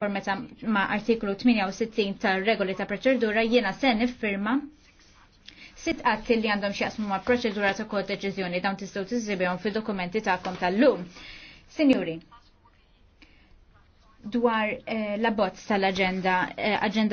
formeta ma' artiklu 68 tal-regoli ta' proċedura jiena se nifirma sit atti li għandhom xjaqsmu ma' proċedura ta' kod deċiżjoni dawn tistaw tizzibjon fil-dokumenti tagħkom tal-lum. Signori, dwar eh, la bozz tal-aġenda, eh,